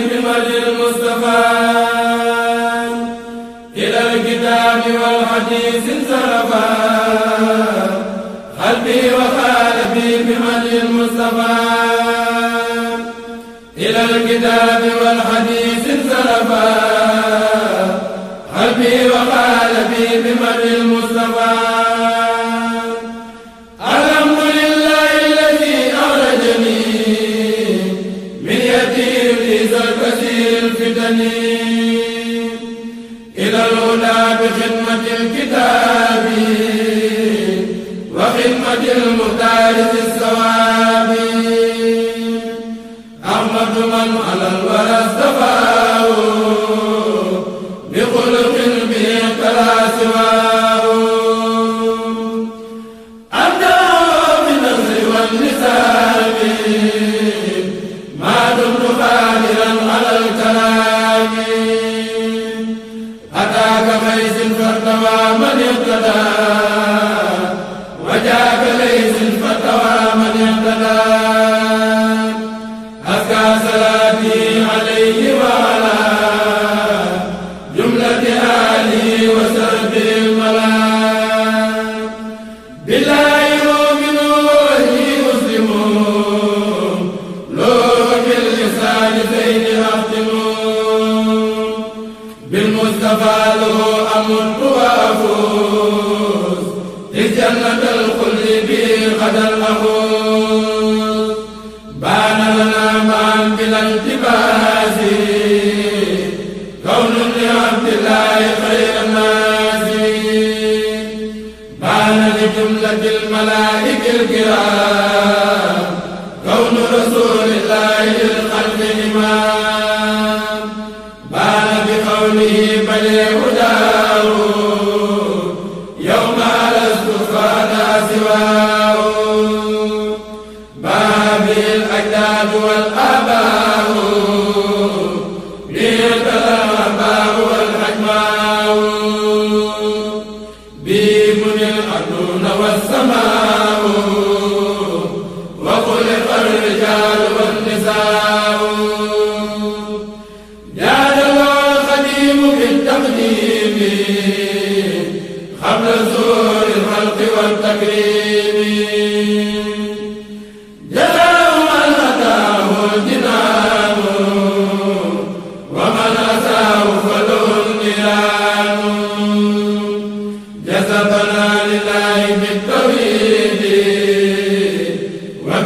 بمرج المصطفى إلى الكتاب والحديث انصرفا وخالفي المصطفى إلى الكتاب والحديث انصرفا قلبي وخالفي بمرج المصطفى Shiva. الإمام زين أختمون بالمصطفى له أمر وأفوز إذ جنة الخلد بي غدا أفوز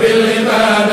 بالإيمان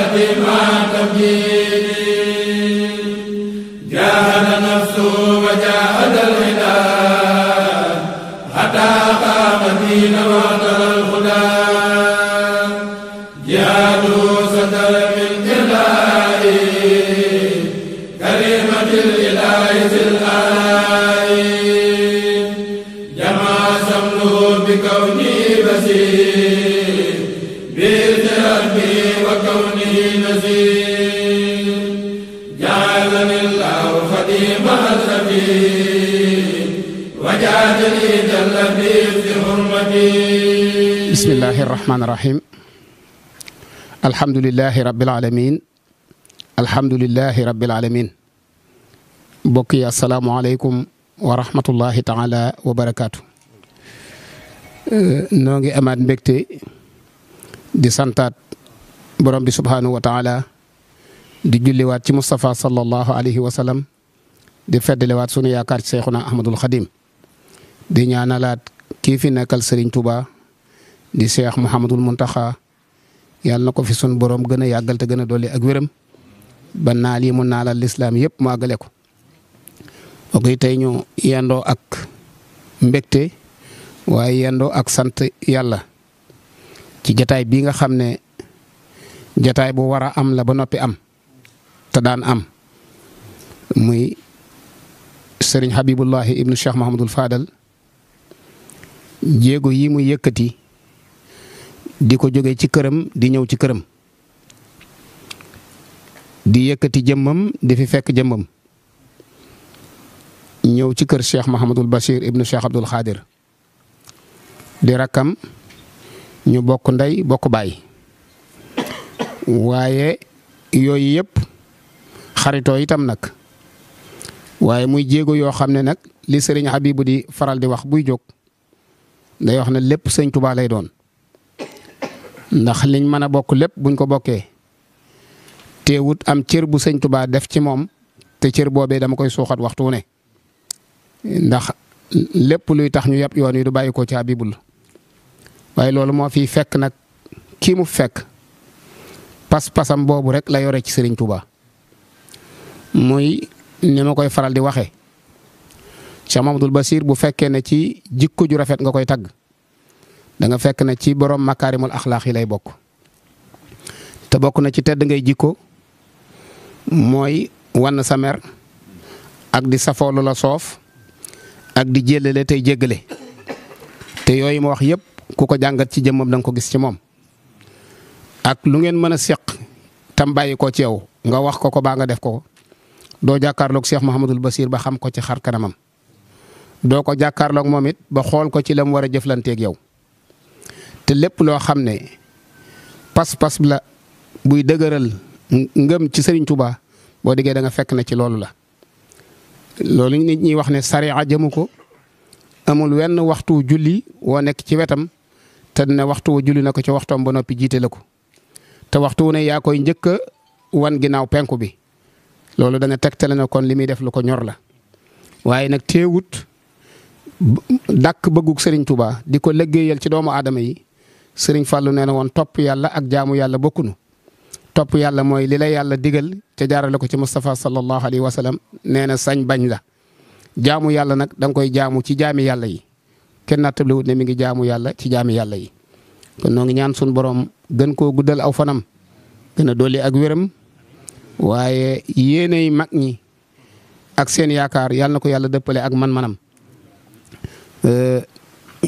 بسم الله الرحمن الرحيم الحمد لله رب العالمين الحمد لله رب العالمين بوكي السلام عليكم ورحمة الله تعالى وبركاته أه، نعم أمان بكتي دي سنتات برم سبحانه وتعالى دي جلي تي مصطفى صلى الله عليه وسلم دي فد لوات سنيا كارت شيخنا أحمد الخديم دي نعنا لات كيف نكال سرين توبا di seex Muhammadul Muntaxa yàlla na ko fi sun borom gën a yàggal te gën a dolli ak wéram ba naal yi mu naalal lislaam yëpp mu àggale ko. ok tey ñu yendoo ak mbégte waaye yendoo ak sant yàlla ci jataay bii nga xam ne jataay boo war a am la ba noppi am te daan am muy sëriñ Habibullahi ibnu Cheikh Muhammadul faadal jéego yi mu yëkkati. di ko jóge ci këram di ñëw ci këram di yëkkati jëmmam di fi fekk jëmbam ñëw ci kër Cheikh Mahamadul Bachir ibnu Cheikh Abdul Xaadir di rakkam ñu bokk ndey bokk baay waaye yooyu yëpp xaritoo itam nag waaye muy jéego yoo xam ne nag li sëriñ Habibu di faral di wax buy jóg day wax ne lépp sëñ Tuubaa lay doon ndax liñ mën a bokk lépp buñ ko bokkee te wut am cër bu sëñ tubaa def ci moom te cër boobee dama koy suuxat waxtu wu ne ndax lépp luy tax ñu yàpp yoon wi du bàyyi ko ci Abibul waaye loolu moo fi fekk nag kii mu fekk pas-pasam boobu rek la yore ci sëriñ Tuubaa muy ni koy faral di waxee Cheikh Mamadou Bassir bu fekkee ne ci jikko ju rafet nga koy tagg da nga fekk ne ci borom makarimul axlaax yi lay bok te bok na ci tedd ngay jikko moy wan sa mer ak di lu la sof ak di jëlale tay jéggale te yoy mo wax yëpp ku ko jàngat ci jëmmam da nga ko gis ci moom ak lu ngeen mën a seq tam bàyyi ko ci yow nga wax ko ko ba nga def ko doo jàkkaarloog Cheikh mohammedul Basir ba xam ko ci xar kanamam do ko jàkkaarloog moom ba xol ko ci lam wara ak yow te lépp loo xam ne pas-pas la buy dëgëral ngëm ci Serigne tubaa boo diggee danga fekk na ci loolu la. loolu nit ñi wax ne sariya jëmu ko amul wenn waxtu julli woo nekk ci wetam te dina waxtu wu julli na ko ci waxtoom ba noppi jiite la ko te waxtu wu ne yaa koy njëkk a wan ginnaaw penku bi loolu dana tegtale na kon li muy def lu ko ñor la waaye nag teewut dàkk bëggug sëriñ tubaa di ko liggéeyal ci doomu aadama yi. sëriñ Fallou nee na woon topp yàlla ak jaamu yàlla bokkunu topp yàlla mooy li la yàlla digal te jaarale ko ci Moustapha sallallahu alayhi wa sallam nee na sañ bañ la. jaamu yàlla nag danga koy jaamu ci jaami yàlla yi kenn nattable wut ne mi ngi jaamu yàlla ci jaami yàlla yi kon noo ngi ñaan suñu borom gën koo guddal aw fanam gën a dolli ak wéram waaye yéenay mag ñi ak seen yaakaar yàlla na ko yàlla dëppale ak man-manam.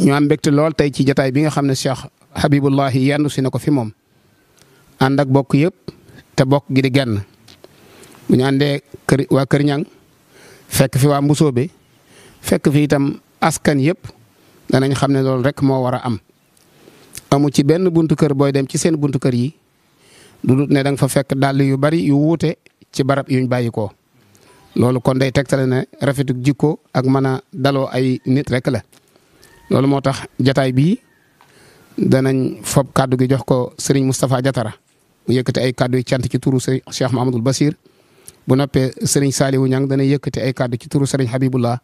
ñu am mbégte lool tey ci jataay bi nga xam ne Cheikh habibullah yandu si ko fi mom and ak bok yeb te bok gi di genn bu ñu wa keur Ñang fekk fi wa musobe fekk fi itam askan yeb danañ xam ne rek mo wara am amu ci benn buntu kër boy dem ci seen buntu kër yi du dut ne da nga fa fekk dal yu bari yu wuté ci barab yuñ ko kon day tektale ne rafetuk jikko ak mana dalo ay nit rek la loolu motax jotaay bi danañ fob kàddu gi jox ko sëriñ Moustapha Jatara mu yëkkati ay kàddu yu cant ci turu sëriñ Cheikh Mahamadul Basir bu noppee sëriñ Saliou Niang dana yëkkati ay kàddu ci turu sëriñ Habibullah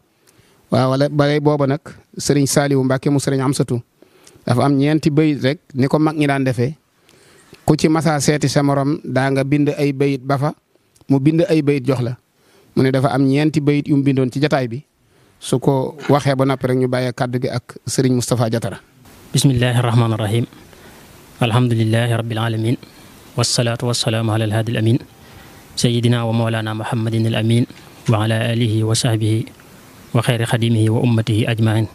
waaw wala balay booba nag sëriñ Saliou Mbacke mu sëriñ Amsatu dafa am ñeenti bayit rek ni ko mag ñi daan defee ku ci masaa seeti sa morom daa nga bind ay bayit ba fa mu bind ay bayit jox la mu ne dafa am ñeenti bayit yu bindoon ci jataay bi su ko waxee ba noppi rek ñu bàyyee kàddu gi ak sëriñ Moustapha Jatara بسم الله الرحمن الرحيم الحمد لله رب العالمين والصلاة والسلام على الهادي الأمين سيدنا ومولانا محمد الأمين وعلى آله وصحبه وخير خديمه وأمته أجمعين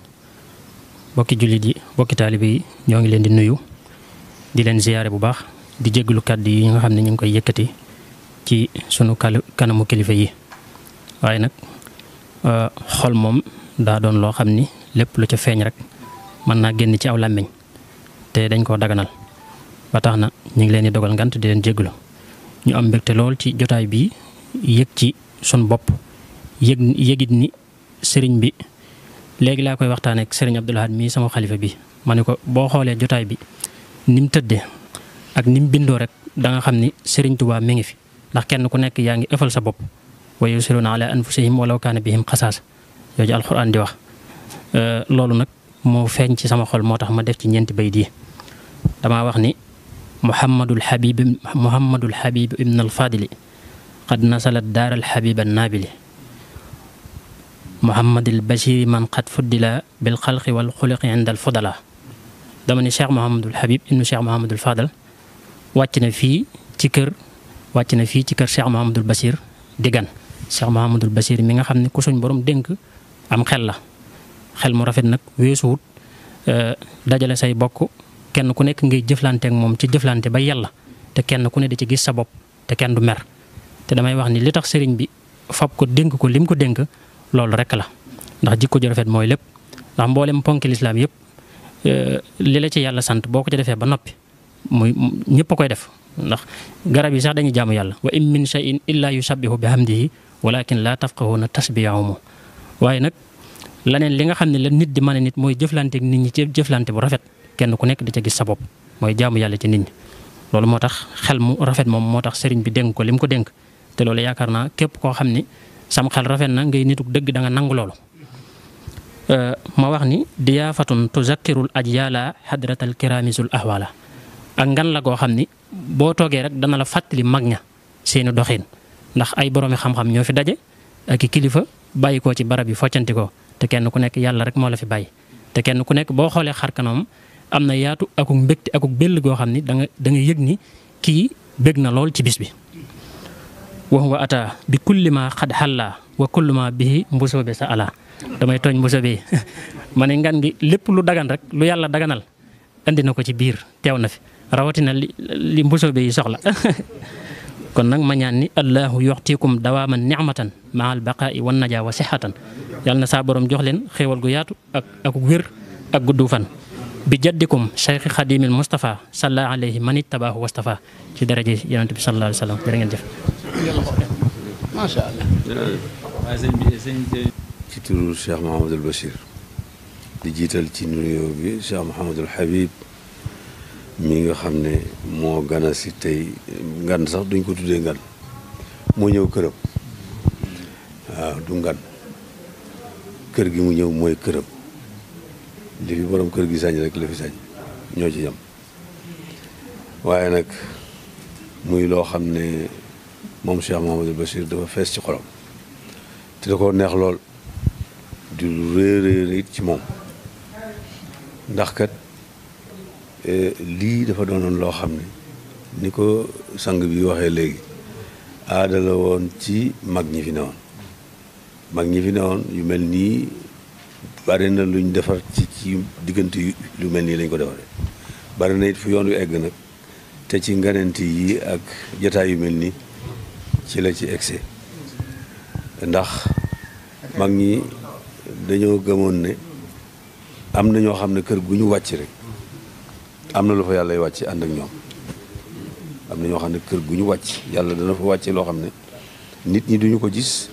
بوكي جلدي بوكي طالبي نيوغ لين دي نويو دي لين زيارة بباخ دي جيغلو كاد دي نيوغ خامن نيوغ كي يكتي كي سنو كالو كانمو كليفي واي نك خول موم دا دون لو خامني لپ لو تي فاني رك mën naa génn ci aw làmmiñ te dañ koo daganal ba tax na ñu ngi leen di dogal ngant di leen jégalu ñu am mbégte lool ci jotaay bi yëg ci sun bopp yëg yëgit ni sëriñ bi léegi laa koy waxtaanee ak sëriñ Abdoul Ahad mii sama xalifa bi ma ne ko boo xoolee jotaay bi ni mu tëddee ak ni mu bindoo rek danga xam ni sëriñ Tuubaa mi ngi fi ndax kenn ku nekk yaa ngi ëffal sa bopp wa yusiruna ala anfusihim walaw kaana bihim xasaas yooyu alxuraan di wax mo feñ ci sama xol motax ma def ci ñent bay di dama wax ni muhammadul habib muhammadul habib ibn al fadil قد نزل الدار الحبيب النابل محمد البشير من قد فضل بالخلق والخلق عند الفضلاء دمني شيخ محمد الحبيب انه شيخ محمد الفاضل واتنا في تكر واتنا في تكر شيخ محمد البشير ديغان شيخ محمد البشير ميغا خامني كو سوني بروم دينك ام خيل xel mu rafet nag weesuwut euh, dajale say bokk kenn ku nekk ngay jëflanteek moom ci jëflante ba yàlla te kenn ku ne di ci gis sa bopp te kenn du mer te damay wax ni li tax sëriñ bi fab ko dénk ko lim ko dénk loolu rek la ndax jikko ju rafet mooy lépp ndax mboolem ponki lislaam yëpp euh, li la ci yàlla sant boo ko ci defee ba noppi muy ñëpp a koy def ndax garab yi sax dañuy jaamu yàlla wa in min shay'in illa yusabbihu bihamdihi walakin la tafqahuna tasbiyahumu waaye nag Lanen li nga xam la nit di mën nit moy jëflanté nit ñi ci jëflanté bu rafet kenn ku nekk di ca gis sa bop moy jaamu yalla ci nit ñi loolu motax xel mu rafet mom motax sëriñ bi dénk ko lim ko dénk té loolu yaakarna képp ko xamni sam xel rafet na ngay nituk dëgg da nga nangu loolu euh, ma wax ni diyafatun tuzakkirul ajyala hadratal kiramizul ahwala ak ngan la go xamni bo boo rek dana la fatali magña seenu doxine ndax ay borom xam-xam ñofi dajé ak kilifa bayiko ci barab yi focanti ko te kenn ku nekk yàlla rek moo la fi bàyyi te kenn ku nekk boo xoolee xar kanam am na yaatu akuk mbégte akuk béll goo xam ni danga da nga yëg ni kii bég na lool ci bis bi wa huwa bi kulli ma xad xallaa wa kulli ma bihi mbusoo bi sa ala damay tooñ mbusoo bi ma ne ngan gi lépp lu dagan rek lu yàlla daganal indi na ko ci biir teew na fi rawatina li mbusoo bi soxla kon nak ma ñaan ni allahu yu'tikum dawaman ni'matan maal baqa'i wan najaa wa sihhatan yalna sa borom jox len xewal gu yaatu ak ak wér ak guddu fan bi jaddikum khadim al mustafa sallallahu alayhi man ittabahu wastafa ci daraje yonente bi sallallahu alayhi wa jërë ngeen jëf sha allah ci tour cheikh al bashir di jital ci nuyo bi cheikh al habib mi nga xam ne moo gana si tey ngan sax duñ ko tuddee ngan moo ñëw këram waaw du ngan kër gi mu ñëw mooy këram li fi borom kër gi sañ rek la fi sañ ñoo ci yam waaye nag muy loo xam ne moom Cheikh Mouhamadul Bachir dafa fees ci xolam te da ko neex lool di lu it ci moom ndax kat lii dafa doonoon loo xam ne ni ko sang bi waxee léegi aadala woon ci mag ñi fi newoon mag ñi fi newoon yu mel nii bari na luñ defar ci ci diggante lu mel nii lañ ko defaree bari na it fu yoon wi egg nag te ci nganent yi ak jataay yu mel nii ci la ci egsi ndax mag ñi dañoo gëmoon ne am na ñoo xam ne kër gu ñu wàcc rek am na lu fa yàlla wàcc ànd ak ñoom am na ñoo xam ne kër gu ñu wàcc yàlla dana fa wàcce loo xam ne nit ñi duñu ko gis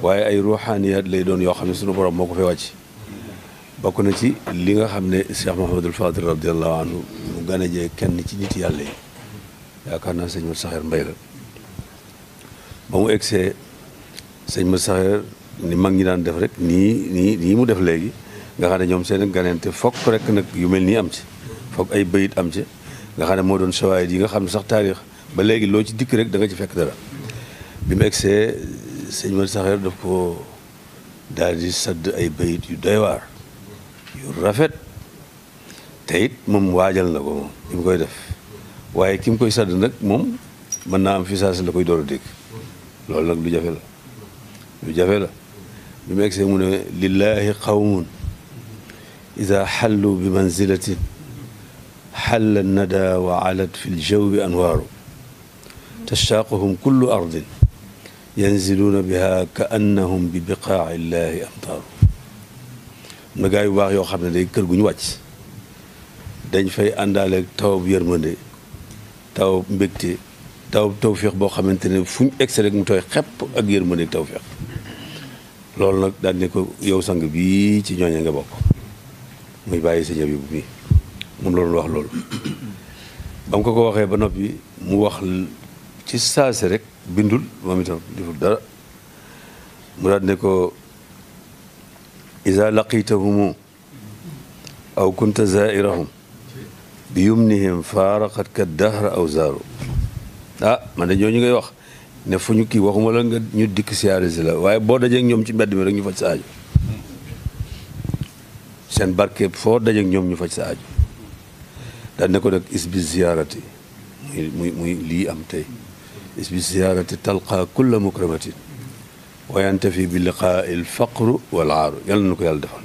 waaye ay ruuxaaniyaat lay doon yoo xam ne suñu borom moo ko fee wàcc bokk na ci li nga xam ne Cheikh Mouhamadul Fadil radiallahu anhu mu gane jee kenn ci nit yàlla yi yaakaar naa sëñ Mat Saxeer Mbay la ba mu egsee sëñ Mat Saxeer ni mag ñi daan def rek nii nii nii mu def léegi nga xam ne ñoom seen ganente fokk rek nag yu mel nii am ci foog ay bayit am ci nga xam ne moo doon shawaahid yi nga xam ne sax taarix ba léegi loo ci dikk rek da nga ci fekk dara bi mu egsee sëñ Mor Saxeer daf ko daal di sadd ay bayit yu doy waar yu rafet te it moom waajal na ko moom bi mu koy def waaye ki mu koy sadd nag moom mën naa am fi saasi la koy door a dégg loolu nag lu jafe la lu jafe la bi mu egsee mu ne lillahi qawmun ida xallu bi manzilatin xalla nada wa alat fi bi anwaaru tashaaquhum kullu ardin yanziluuna biha ka annahum bi biqaaci llahi amtaaru am na gaa baax yoo xam ne day kër gu ñu wàcc dañ fay àndaale tawab yërmande tawab mbégte tawab tawféex boo xamante ne fu ñu egsi rek mu xepp ak yërmande ak tawféex loolu nag daal ne ko yow sang bii ci ñooñe nga bokk muy si sëñ bi bu mii moom la doon wax loolu ba mu ko ko waxee ba noppi mu wax ci saasi rek bindul moom itam deful dara mu ne ko iza laqitahumu aw kunta zairahum bi yumnihim faaraqat ka dahra aw zaaru ah man de ñu ngay wax ne fu ñu kii waxuma la nga ñu dikk siyaare si la waaye boo dajeeg ñoom ci mbedd mi rek ñu faj sa aajo seen barke foo dajeeg ñoom ñu faj sa aajo لأنك لك إسب زيارتي مي مي لي أمتي إسب زيارتي تلقى كل مكرمة وينتفي باللقاء الفقر والعار يلا نكو يلا دفع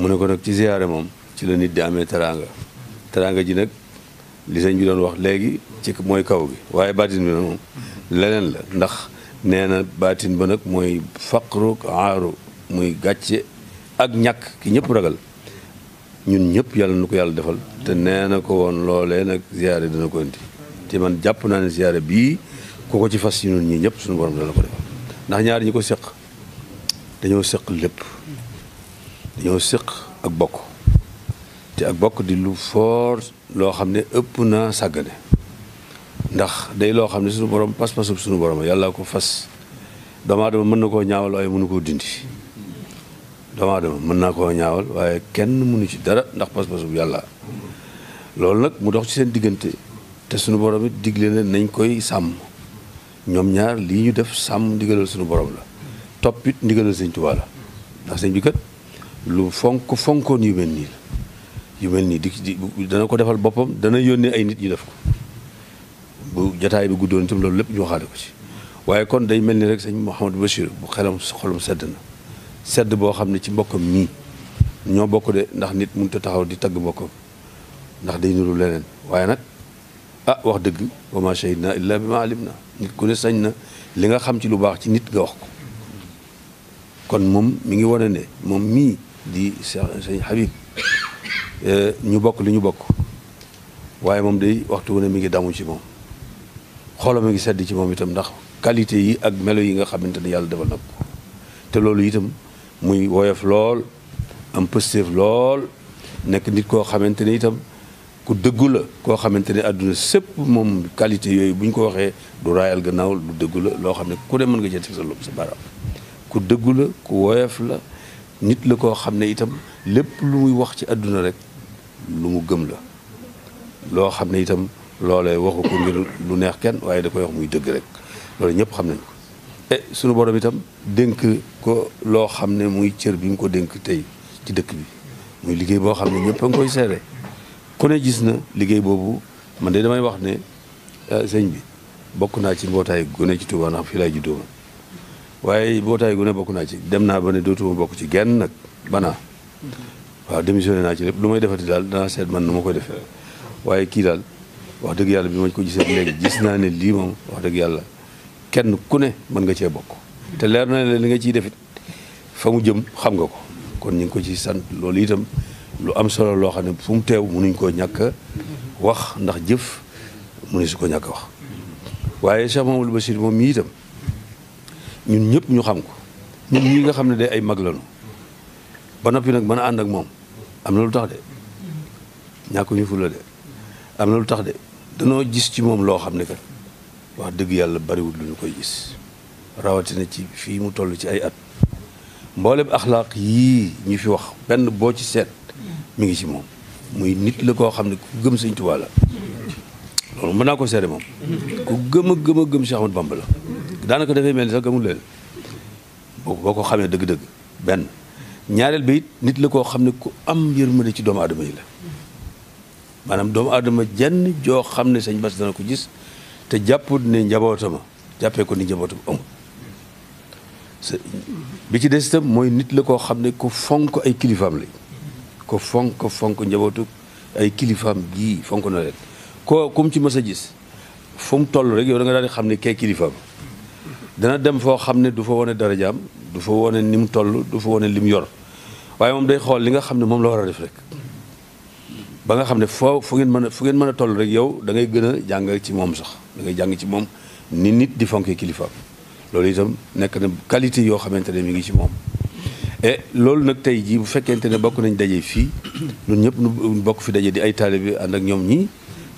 من يكون لك تزيارة مم تلا ندي أمي ترانغا ترانغا جينك لسان جدا وقت لغي تك موي كاوغي واي باتين منهم لنن نخ نانا باتين بنك موي فقر وعار موي غاتي أغنيك كي رغل ñun ñëpp yalla nuko yalla defal te nee ko won lolé nak ziaré dana ko indi té man japp na né ziaré bi ko ko ci fas ñun ñi ñëpp suñu borom dala ko def ndax ñaar ñi ko seq dañoo sekk lepp dañoo sekk ak bokk té ak bokk di lu for lo xamné ne ëpp na sàggane ndax day lo xamné ne suñu borom pass passu suñu borom yalla ko fas dama aadama mën nako ñaawal waaye mënu koo dindi doomu aadama mën naa koo ñaawal waaye kenn mënu ci dara ndax pas-pasu bu yàlla loolu nag mu dox ci seen diggante te suñu borom it digle na nañ koy sàmm ñoom ñaar lii ñu def sàmm ndigalal sunu borom la topp it ndigalal sëñ Tuubaa la ndax sëñ bi kat lu fonk fonkoon yu mel nii la yu mel nii di dana ko defal boppam dana yónnee ay nit ñu def ko bu jataay bi guddoon itam loolu lépp ñu waxaale ko ci waaye kon day mel ni rek sëñ Mouhamadou Bachir bu xelam xolam sedd na sedd boo xam ne ci mbokkam mii ñoo bokk de ndax nit mën ta taxaw di tag mbokkam ndax day ñuru leneen waye nak ah wax deug wa ma shayna illa bima alimna nit ku ne sañna li nga xam ci lu bax ci nit nga wax ko kon mom mi ngi wone ne mom mi di sëñ Habib euh ñu bokk li ñu bokk waye mom day waxtu wu ne mi ngi damu ci mom xolam mi ngi sedd ci mom itam ndax qualité yi ak melo yi nga xamante yàlla defal na te loolu itam muy woyof lool am positif lool nekk nit koo xamante ni itam ku dëggu la koo xamante ne àdduna sépp moom qualité yooyu bu ñu ko waxee du raayal gannaaw lu dëggu la loo xam ne ku ne mën nga jënd sa lopp sa baram ku dëggu la ku woyof la nit la koo xam ne itam lépp lu muy wax ci àdduna rek lu mu gëm la loo xam ne itam loolee waxu ko ngir lu neex kenn waaye da koy wax muy dëgg rek loolu ñëpp xam nañ ko eh, sunu borom itam dénk ko loo xam ne muy cër bi nga ko dénk tey ci dëkk bi muy liggéey boo xam ne ñëpp a ngi koy seere ku ne gis na liggéey boobu man de damay wax ne eh, sëñ bi bokk naa ci mbootaayu gone ci Touba ndax fii laay juddoo waaye mbootaay gune bokk naa ci dem naa ba ne dootuma bokk ci genn nag banaa waaw démissionné naa ci lépp lu may defati daal danaa seet man nu ma koy defee waaye kii daal wax dëgg yàlla bi ma ko gisee léegi gis naa ne lii moom wax dëgg yàlla kenn ku ne mën nga cee bokk te leer na ne nga ciy defit fa mu jëm xam nga ko kon ñu ngi ko ci sant loolu itam lu am solo loo xam ne teew mu teew mënuñ koo ñàkk wax ndax jëf mënu su ko ñàkk wax waaye Cheikh Mamadou Bassir moom mii itam ñun ñëpp ñu xam ko ñun ñii nga xam ne day ay mag lañu ba noppi nag mën a ànd ak moom am na lu tax de ñàkk ñu fula de am na lu tax de danoo jis ci moom loo xam ne kat wax dëgg yàlla bariwul lu ñu koy gis rawatina ci fii mu toll ci ay at mboole mboolem axlaaq yii ñu fi wax benn boo ci seet mu ngi ci moom muy nit la koo xam ne ku gëm sëñ Tuubaa loolu mën naa ko seede moom ku gëm a gëm a gëm Cheikh Ahmadou la daanaka dafay mel ni sax gëmul leen ko xamee dëgg-dëgg benn ñaareel bi nit la koo xam ne ku am yërmande ci doomu aadama yi la maanaam doomu aadama jenn joo xam ne sëñ Bass dana ko gis te jàpput ne njabootama jàppee ko ni njabootam amul bi ci des itam mooy nit la koo xam ne ku fonk ay kilifaam lañ ko fonk fonk njabootu ay kilifaam gii fonk na leen koo kum ci mës a gis fu mu toll rek yow da nga xam ne kay kilifaam dana dem foo xam ne du fa wane darajaam du fa wane ni mu toll du fa wane lim yor waaye moom day xool li nga xam ne moom la war a def rek ba nga xam ne foo fu ngeen mën a fu ngeen mën a toll rek yow da ngay gën a jàng ci moom sax da ngay jàng ci moom ni nit di fonkee kilifaam loolu itam nekk na qualité yoo xamante ne mi ngi ci moom loolu nag tey jii bu fekkente ne bokk nañ daje fii ñun ñëpp nu bokk fi daje di ay taalibe ànd ak ñoom ñii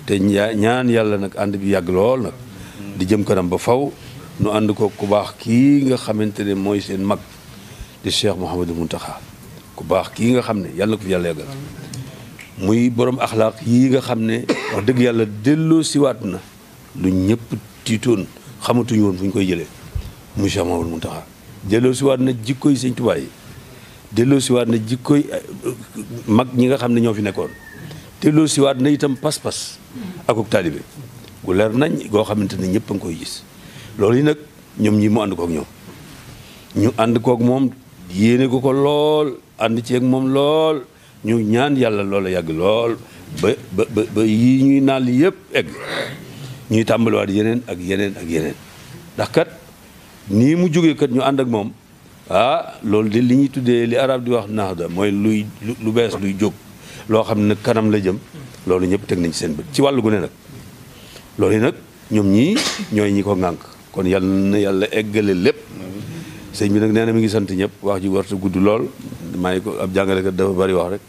te ñaan yàlla nag ànd bi yàgg lool nag di jëm kanam ba faw nu ànd ko ku baax kii nga xamante ne mooy seen mag di Cheikh Mouhamadou Mountakha ku baax kii nga xam ne yàlla na ko fi yàlla yàggal muy borom axlaaq yii nga xam ne wax dëgg yàlla delloo siwaat na lu ñëpp tiitoon xamatuñu woon fu koy jëlee mu Cheikh Mamadou Mountakha delloo si waat na jikkoy sëñ Tuubaa na jikkoy euh, mag ñi nga xam ne ñoo fi nekkoon delloo si waat na itam pas-pas akuk taalibe gu leer nañ goo xamante ne ñëpp a ngi koy gis loolu yi nag ñoom ñi mu ànd kook ñoom ñu ànd kook moom yéene ko ko lool ànd ci ak moom lool ñu ñaan yàlla loola yàgg lool ba ba ba yii ñuy naal yëpp egg ñuy tàmbaliwaat yeneen ak yeneen ak yeneen ndax kat nii mu jógee kat ñu ànd ak moom ah loolu de li ñuy tuddee li arab di wax naxda mooy luy lu bees luy jóg loo xam ne kanam la jëm loolu ñëpp teg nañ seen bët ci wàllu gu nag loolu yi nag ñoom ñii ñooy ñi ko ŋànk kon yal na yàlla eggale lépp sëñ bi nag nee na mi ngi sant ñëpp wax ji warta gudd lool maa ngi ko ab jàngalekat dafa bari wax rek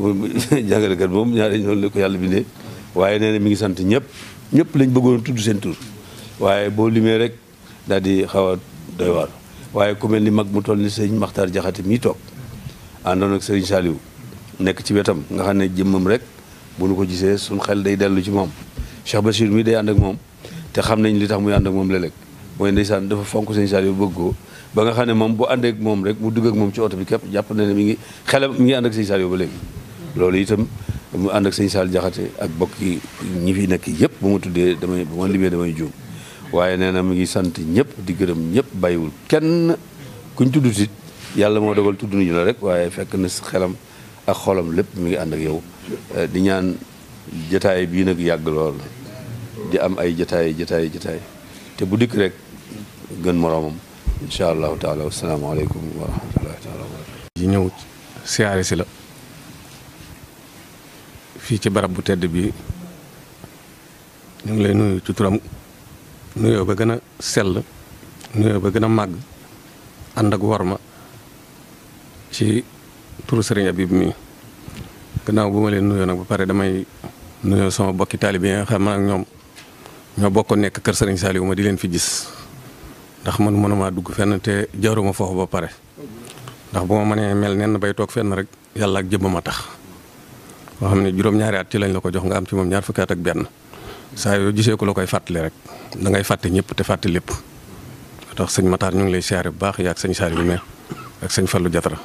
jàngalekat moom ñaari ñoom la ko yàlla bindee waaye nee na mi ngi sant ñëpp ñëpp lañ bëggoon tudd seen tur waaye boo limee rek daal di xaw a doy waar waaye ku mel mag mu toll ni sëñ Maxtaar Jaxate mii toog àndoon ak sëriñ Saliou nekk ci wetam nga xam ne jëmmam rek bu nu ko jisee suñ xel day dellu ci moom ba Bachir mii day ànd ak moom te xam nañ li tax muy ànd ak moom léeg-léeg mooy ndeysaan dafa fonk sëñ Saliou bëgg ko ba nga xam ne moom bu ànd moom rek mu dugg ak moom ci oto bi képp jàpp na ne mi ngi xelam mi ngi ànd ak sëñ Saliou ba léegi loolu itam mu ànd ak sëñ saal Jaxate ak bokk yi ñi fi nekk yëpp bu ma tuddee damay bu ma limee damay juum waaye nee na mu ngi sant ñëpp di gërëm ñëpp bàyyiwul kenn kuñ tudd si yàlla moo dogal tudd nañu la rek waaye fekk na xelam ak xolam lépp mi ngi ànd ak yow eh, di ñaan jataay bii nag yàgg lool di am ay jataay jataay jataay te bu dikk rek gën moroomam incha allahu taala wasalaamaaleykum wa rahmatullahi taala wa barakatu yi ñëw siyaare si la fii ci barab bu tedd bi ñu ngi lay nuyu ci turam nuyo ba gëna sel nuyo ba gëna mag and ak warma ci turu serigne Abib mi gënaaw buma leen nuyo nak ba paré damay nuyo sama bokki taalibe yi nga xam ak ñom ño bokko nek kër serigne Saliou ma di leen fi gis ndax man mënuma dugg fenn te jaruma fofu ba pare ndax buma ma mel nenn bay tok fenn rek yalla ak jëbuma tax xamni xam ñaari at ci lañ la ko jox nga am ci mom ñaar fukkat ak ben sa yo gisé ko la koy fatali rek da ngay fàtte ñëpp te fàtte lépp tax sëñ Matar ñu ngi lay siyaare bu baax yaak sëñ Saali bi meer ak sëñ Fallu jatra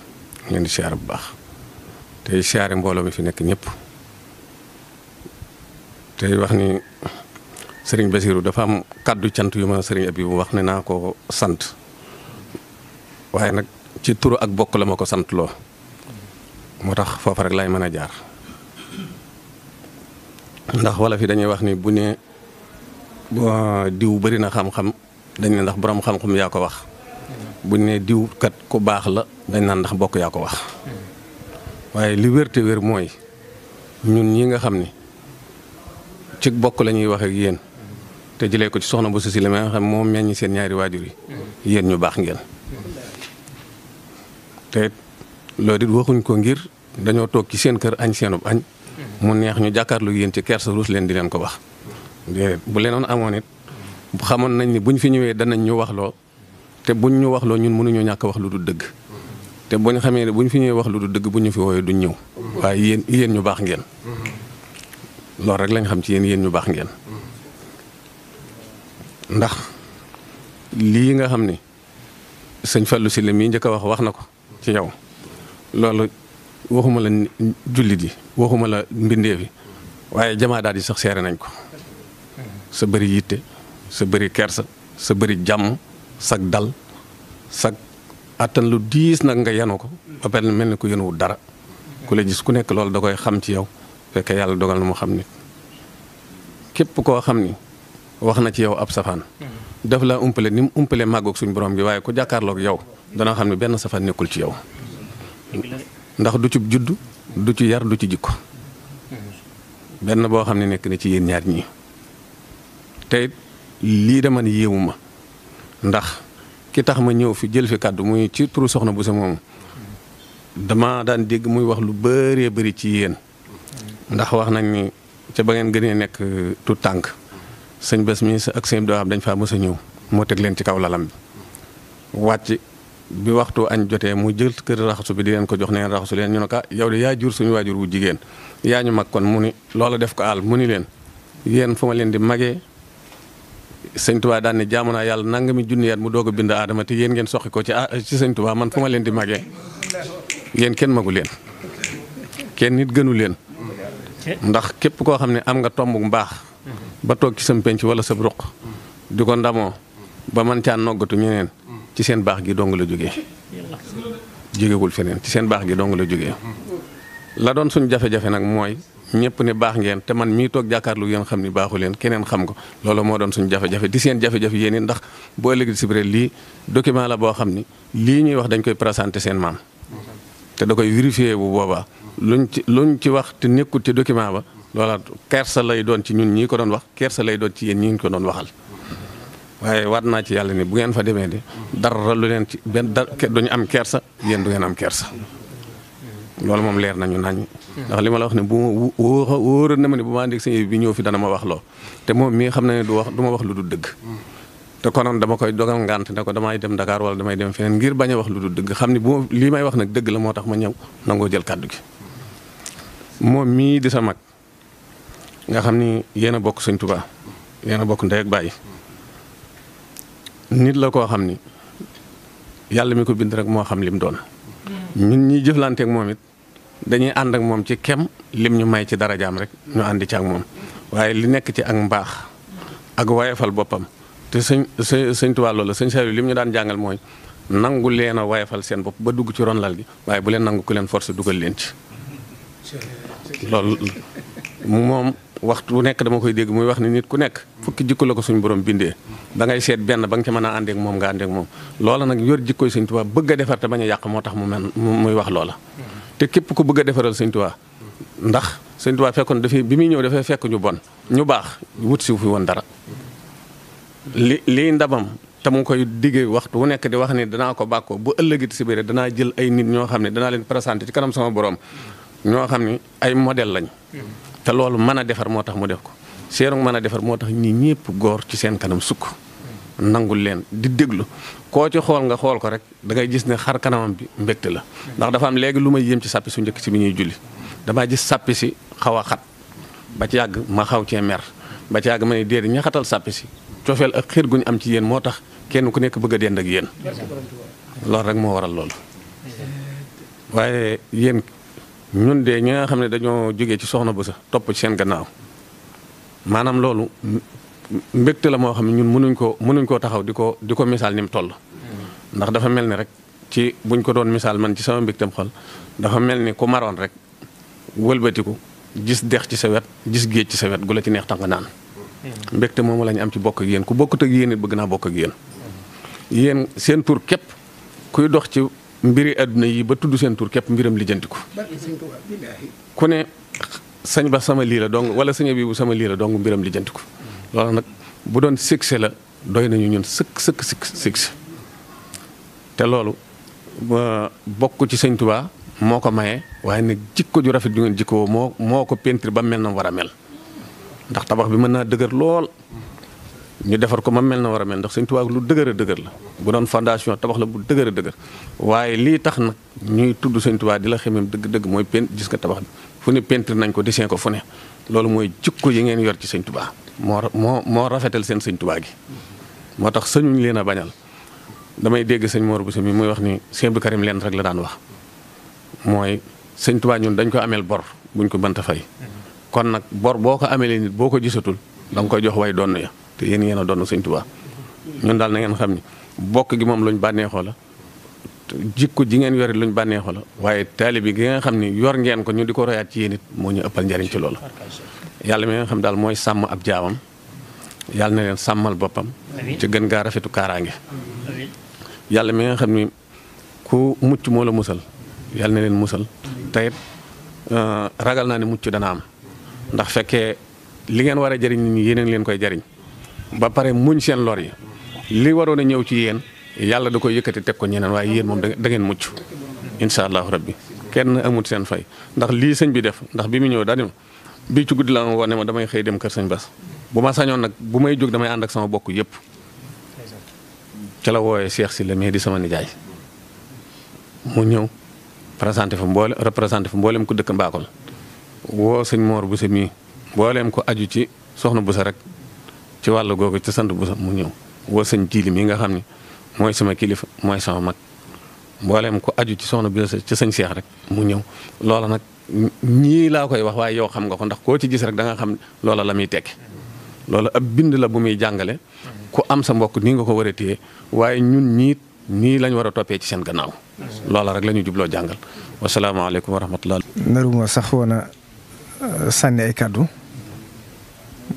ñu leen di siyaare bu baax te siyaare mbooloo mi fi nekk ñëpp te wax ni sëriñ Basiru dafa am kaddu cant yu ma sëriñ bu wax ne naa ko sant waaye nag ci turu ak bokk la ma ko sant loo moo tax foofa rek laay mën jaar ndax wala fi dañuy wax ni bu ne diw bari na xam-xam dañ ne ndax borom xam-xam ya ko wax bu ne diw kat ku bax la dañ naan ndax bokk ya ko wax waye li wér te wér ñun ñi nga xam ne ci bokk lañuy wax ak yeen te jilé ko ci soxna bu sësi la nga xam moo meññ seen ñaari wajur yi yeen ñu bax ngeen te lo dit waxuñ ko ngir dañoo tok ci seen kër añ seenu añ mu neex ñu jakarlu yeen ci kersa rus leen di leen ko wax bu lenoon amoon it xamoon nañ ni buñ fi ñëwee danañ ñu wax loo te buñ ñu wax loo ñun mënuñoo ñàkk wax lu dul dëgg te buñ xamee ne buñ fi ñëwee wax lu du dëgg bu ñu fi wooyee duñ ñëw waaye yéen yéen ñu baax ngeen loolu rek lañ xam ci yéen yéen ñu baax ngeen ndax lii nga xam ni sëñ Fallou Sylla mii njëkk a wax wax na ko ci yow loolu waxuma la jullit yi waxuma la mbindeef yi waaye jamaa daal yi sax seere nañ ko sa bëri yitte sa bëri kersa sa bëri jàmm sag dal sag attan lu diis nag nga yenu ko ba pare mel ni ku yenuwu dara ku la gis ku nekk loolu da koy xam ci yow fekk yàlla dogal na mu xam nit képp koo xam ni wax na ci yow ab safaan daf laa umpale ni mu umpale màggook suñu borom bi waaye ku jàkkaarloog yow dana xam ne benn safaan nekkul ci yow ndax du ci judd du ci yar du ci jikko benn boo xam ne nekk na ci yéen ñaar ñii te li de man yewuma ma ndax ki tax ma ñew fi jël fi kaddu muy ci turu soxna bu sama mom dama daan deg muy wax lu beure beuri ci yeen ndax wax nañ ni ci ba ngeen gëne nek euh, tu tank señ bes mi ak señ do am dañ fa mësa ñew mo tek leen ci kaw lalam bi wacc bi waxtu añ jotee mu jël kër raxsu bi di leen ko jox neen raxsu leen ñu naka ka ah, yow de ya jur suñu wajur bu jigen ya ñu mag kon mu ni loolu def ko al mu ni leen yeen fuma leen di magge sëñ Tuba daan ne jaamu naa yàlla nangami junniyaat mu doog a bind aadama te yéen ngeen soqi ko ci ah, ci sëñ Tuba man fu ma leen di màggee yéen kenn magu leen kenn nit gënu leen ndax képp koo xam ne am nga tomb mbaax ba toog ci sam penc wala sa ruq di ko ndamoo ba man caa noggatu ñeneen ci seen baax gi dong la jóge jógewul feneen ci seen baax gi dong la jóge la doon suñ jafe-jafe nag mooy ñëpp ne baax ngeen te man mii toog jàkkaarlu yéen xam ni baaxu leen keneen xam ko loolu moo doon suñu jafe-jafe di seen jafe-jafe yéen it ndax boo ëllëgee si biir lii document la boo xam ni lii ñuy wax dañ koy présenté seen maam. te da koy vérifié bu boobaa. luñ ci luñ ci wax te nekkul ci document ba loola kersa lay doon ci ñun ñii ko doon wax kersa lay doon ci yéen ñi ngi ko doon waxal. waaye waat naa ci yàlla ni bu ngeen fa demee de dara lu leen ci benn duñu am kersa yéen du ngeen am kersa. loolu mom leer nañu nañ ndax lima la wax ne bu wooro wooro ne na bu ma àndeeg seigne bi ñëw fi dana ma wax lo te mom mi xamna na ne du wax duma wax lu du dëgg te konon dama koy dogal ngant ne ko damay dem Dakar wala damay dem feneen ngir baña wax lu du dëgg bu lii may wax nak deug la motax ma ñew nango jël kaddu gi mom mi di sa mag nga xamni ni bok seigne touba yena bok ndey ak baye nit la ko xamni ni mi ko bind rek mo xam lim doon ñun ñuy jëflanteeg moom it dañuy ànd ak moom ci kem lim ñu may ci darajaam rek ñu àndi ci ak moom waaye li nekk ci ak mbaax ak wayefal boppam te sëñ sëñ Tuubaa loolu sëñ Saliou lim ñu daan jàngal mooy nangu leen a wayefal seen bopp ba dugg ci lal gi waaye bu leen nangu ku leen force dugal leen ci loolu moom waxtu bu nekk dama koy dégg muy wax ni nit ku nekk fukki jikko la ko suñu boroom bindee dangay ngay seet benn ba nga ca mën a àndeek moom nga àndeek moom loola nag yor jikkoy Sëñ Tuubaa bëgg a defar te bañ yàq moo tax mu mel muy wax loola te képp ku bëgg a defaral Sëñ ndax Sëñ Tuubaa fekkoon dafay bi muy ñëw dafay fekk ñu bon ñu baax wut si fi woon dara li lii ndamam te mu koy diggee waxtu wu nekk di wax ni danaa ko bàkkoo bu ëllëgit si biir danaa jël ay nit ñoo xam ne leen présenté ci kanam sama borom ñoo xam ni ay modèle lañ te loolu mën a defar moo tax mu def ko seenu mën a defar moo tax ñi ñëpp góor ci seen kanam sukk nangul leen di déglu koo ci xool nga xool ko rek da ngay gis ne xar kanamam bi mbégte la ndax dafa am léegi lu may yéem ci sàppi su njëkk si bi ñuy julli damaa gis sàppi si xaw a xat ba ci yàgg ma xaw cee mer ba ci àgg ma ne déedéet ñaxatal sàppi si coofeel ak xiir gu ñu am ci yéen moo tax kenn ku nekk bëgg a dend ak yéen loolu rek moo waral loolu waaye ñun de ñi nga xam ne dañoo jógee ci soxna bu sa topp ci seen gannaaw maanaam loolu mbégte la moo xam ne ñun mënuñ ko mënuñ koo taxaw di ko di ko misaal ni mu toll. ndax dafa mel ni rek ci buñ ko doon misaal man ci sama mbégteem xol dafa mel ni ku maroon rek wëlbatiku gis dex ci sa wet gis géej ci sa wet gu la ci neex tànga naan. mbégte moomu la ñu am ci bokk ak yéen ku bokkut ak yéen bëgg naa bokk ak yéen. yéen seen tur képp kuy dox ci. mbiri àdduna yi ba tudd seen tur képp mbiram lijjanti ko ku ne sañ ba sama lii la dong wala sañ bi bu sama lii la dong mbiram lijjanti ko loolu nag bu doon succès la doy nañu ñun sëkk sëkk succès te loolu bokk ci sëñ Tuubaa moo ko maye waaye nag jikko ju rafet ju ngeen jikkoo moo moo ko peinture ba mel na war a mel ndax tabax bi mën naa dëgër lool ñu defar ko ma mel na war a mel ndax Sëñ Tuubaa lu dëgër a dëgër la bu doon fondation tabax la bu dëgër a dëgër waaye lii tax nag ñuy tudd Sëñ Tuubaa di la xemem dëgg-dëgg mooy pen gis nga tabax bi fu ne peinture nañ ko di dessin ko fu ne loolu mooy jikko yi ngeen yor ci Sëñ Tuubaa moo moo moo rafetal seen Sëñ Tuubaa gi moo tax sëñuñ leen a bañal damay dégg sëñ Mor Bousso mi muy wax ni sëñ Abdou Karim leen rek la daan wax mooy Sëñ Tuubaa ñun dañ ko ameel bor buñ ko mënta fay mm-hmm. kon nag bor boo ko amelee nit boo ko gisatul da koy jox way doon ya te yeen yéen a doon sëñ Tuubaa ñun dal na ngeen xamni bokk gi mom luñu banexo la jikko ji ngeen yori luñu banexo la waye taalibi gi nga xamni yor ngeen ko ñu diko royat ci yéen it moo ñu ëppal njariñ ci loolu yalla mi nga xam dal moy sam ab jaawam yalla na leen samal bopam ci gën ga rafetu karange yalla mi nga xamni ku mucc mo la musal yalla na leen musal tayet euh, ragal na ni mucc dana am ndax fekke li ngeen wara jariñ ni yeen ngeen koy jariñ ba pare muñ sen lor yi li waroon ñew ci yeen yalla da koy yëkëti tek ko ñeneen way yeen mom da ngeen muccu inshallah rabbi kenn amul sen fay ndax li señ bi def ndax bi mu ñew dañu bi ci guddila la ma wone ma damay xey dem kër señ bas buma sañon nak nag bu may jóg damay and ak sama bokku yépp ci la woyé cheikh si di sama nijaay mu ñew présenté fa mbolé représenté fa mbooleem ko dëkk mbakol wo señ moor bu sa mii mbooleem ko aju ci soxna bu sa rek ci wàll googu ci sant bu sax mu ñëw woo sañ jiili mi nga xam ni mooy sama kilifa mooy sama mag mboolem ko aju ci soxna bi ci sëñ Seex rek mu ñëw loola nag ñii laa koy wax waaye yow xam nga ko ndax koo ci gis rek da xam loola la muy tekki loola ab bind la bu muy jàngale ku am sa mbokk nii nga ko war a téye waaye ñun ñiit nii lañ war a toppee ci seen gannaaw loola rek la ñu jubloo jàngal wasalaamaaleykum wa rahmatullah naruma sax woon a uh, sànni ay kàddu